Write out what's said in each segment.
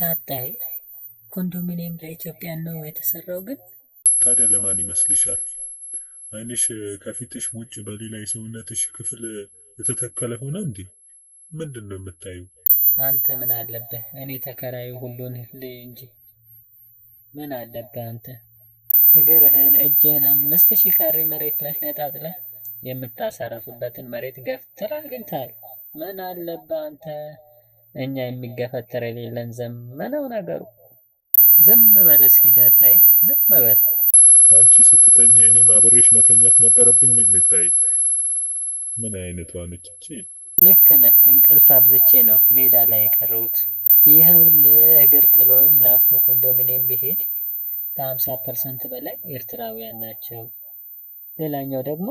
ዳጣ ኮንዶሚኒየም ለኢትዮጵያ ነው የተሰራው። ግን ታዲያ ለማን ይመስልሻል? አይንሽ ከፊትሽ ውጭ በሌላ የሰውነትሽ ክፍል የተተከለ ሆነ እንዴ? ምንድን ነው የምታዩ? አንተ ምን አለበህ እኔ ተከራዩ ሁሉን ልይ እንጂ ምን አለበ አንተ? እግርህን፣ እጅህን አምስት ሺህ ካሬ መሬት ላይ ነጣጥለህ የምታሳረፍበትን መሬት ገፍትራ አግኝታል። ምን አለበ አንተ? እኛ የሚገፈተር የሌለን ዘመናው ነገሩ። ዝም በል እስኪ ዳጣዬ፣ ዝም በል አንቺ ስትተኝ እኔም አብሬሽ መተኛት ነበረብኝ። ሚልሚታይ ምን አይነት ነች እቺ? ልክ ነህ። እንቅልፍ አብዝቼ ነው ሜዳ ላይ የቀረሁት። ይሄው እግር ጥሎኝ ላፍቶ ኮንዶሚኒየም ብሄድ ከሀምሳ ፐርሰንት በላይ ኤርትራውያን ናቸው። ሌላኛው ደግሞ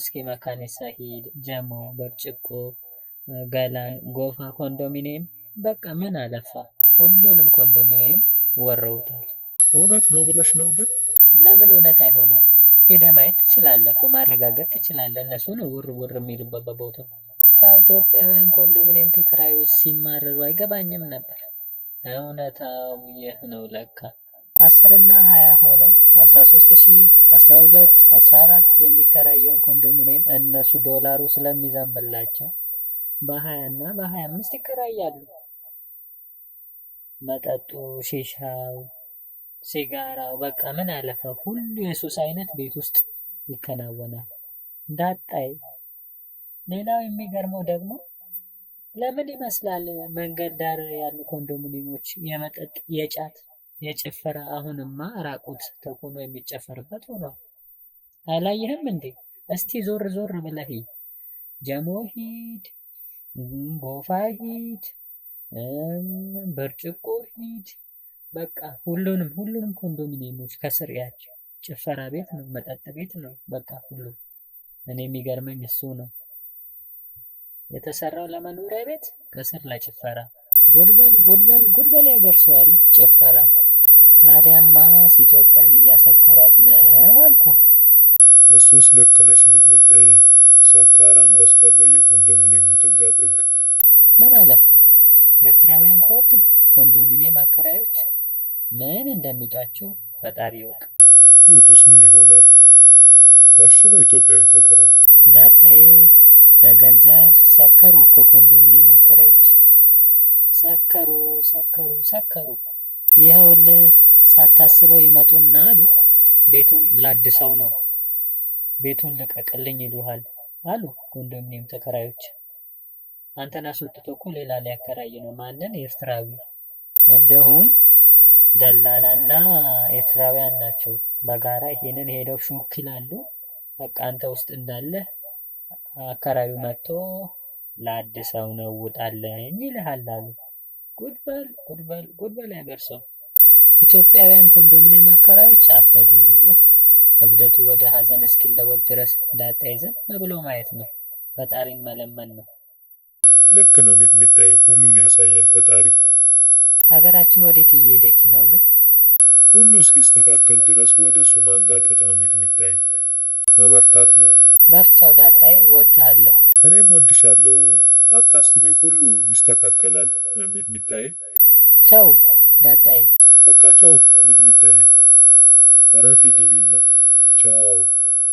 እስኪ መካኒሳ ሳሂድ ጀሞ፣ ብርጭቆ ገላን፣ ጎፋ ኮንዶሚኒየም በቃ ምን አለፋ ሁሉንም ኮንዶሚኒየም ወረውታል። እውነት ነው ብለሽ ነው? ግን ለምን እውነት አይሆንም? ሄደ ማየት ትችላለህ እኮ ማረጋገጥ ትችላለህ። እነሱ ነው ውር ውር የሚሉበት በቦታው። ከኢትዮጵያውያን ኮንዶሚኒየም ተከራዮች ሲማረሩ አይገባኝም ነበር። እውነታው ይህ ነው ለካ። አስርና ሀያ ሆነው አስራ ሶስት ሺ አስራ ሁለት አስራ አራት የሚከራየውን ኮንዶሚኒየም እነሱ ዶላሩ ስለሚዘንብላቸው በ20 እና በ አምስት ይከራያሉ። መጠጡ፣ ሺሻው፣ ሲጋራው በቃ ምን አለፈ ሁሉ የሱስ አይነት ቤት ውስጥ ይከናወናል። እንዳጣይ ሌላው የሚገርመው ደግሞ ለምን ይመስላል መንገድ ዳር ያሉ ኮንዶሚኒየሞች የመጠጥ የጫት የጭፈራ አሁንማ ራቁት ተኮኖ የሚጨፈርበት ሆኗል። አላየህም እንዴ? እስቲ ዞር ዞር ብለህ ጀሞ ሂድ ጎፋ ሂድ፣ ብርጭቆ ሂድ፣ በቃ ሁሉንም ሁሉንም ኮንዶሚኒየሞች ከስር ያቸው ጭፈራ ቤት ነው፣ መጠጥ ቤት ነው፣ በቃ ሁሉ። እኔ የሚገርመኝ እሱ ነው የተሰራው ለመኖሪያ ቤት ከስር ለጭፈራ። ጉድበል ጉድበል ጉድበል ያገርሰዋል ጭፈራ። ታዲያማስ ኢትዮጵያን እያሰከሯት ነው አልኩ። እሱስ ልክ ነሽ ሚጥሚጣዬ። ሰካራም በስቷል። በየኮንዶሚኒየሙ ጥጋ ጥግ ምን አለፋ ኤርትራውያን ከወጡ ኮንዶሚኒየም አከራዮች ምን እንደሚጧቸው ፈጣሪ ይወቅ። ቢውጡስ ምን ይሆናል? ባሽ ነው ኢትዮጵያዊ ተከራይ ዳጣዬ። በገንዘብ ሰከሩ እኮ ኮንዶሚኒየም አከራዮች ሰከሩ፣ ሰከሩ፣ ሰከሩ። ይኸውል ሳታስበው ይመጡና አሉ ቤቱን ላድሰው ነው ቤቱን ልቀቅልኝ ይሉሃል። አሉ ኮንዶሚኒየም ተከራዮች። አንተን አስወጥቶ እኮ ሌላ ላይ ያከራይ ነው። ማንን? ኤርትራዊ። እንደውም ደላላና ኤርትራውያን ናቸው በጋራ ይሄንን ሄደው ሹክ ይላሉ። በቃ አንተ ውስጥ እንዳለ አከራዩ መጥቶ ለአድሰው ነው ውጣለኝ ይልሃል አሉ። ጉድበል ጉድበል ጉድበል ያገርሰው። ኢትዮጵያውያን ኮንዶሚኒየም አከራዮች አበዱ። እብደቱ ወደ ሐዘን እስኪለወጥ ድረስ እንዳጣይዘን መብሎ ማየት ነው። ፈጣሪን መለመን ነው። ልክ ነው ሚጥሚጣዬ፣ ሁሉን ያሳያል ፈጣሪ። ሀገራችን ወዴት እየሄደች ነው ግን? ሁሉ እስኪስተካከል ድረስ ወደ እሱ ማንጋጠጥ ነው ሚጥሚጣይ መበርታት ነው። በርቻው ዳጣዬ፣ እወድሃለሁ። እኔም ወድሻለሁ። አታስቢ፣ ሁሉ ይስተካከላል ሚጥሚጣዬ። ቻው ዳጣዬ። በቃ ቻው ሚጥሚጣዬ፣ ረፊ ግቢና Tchau.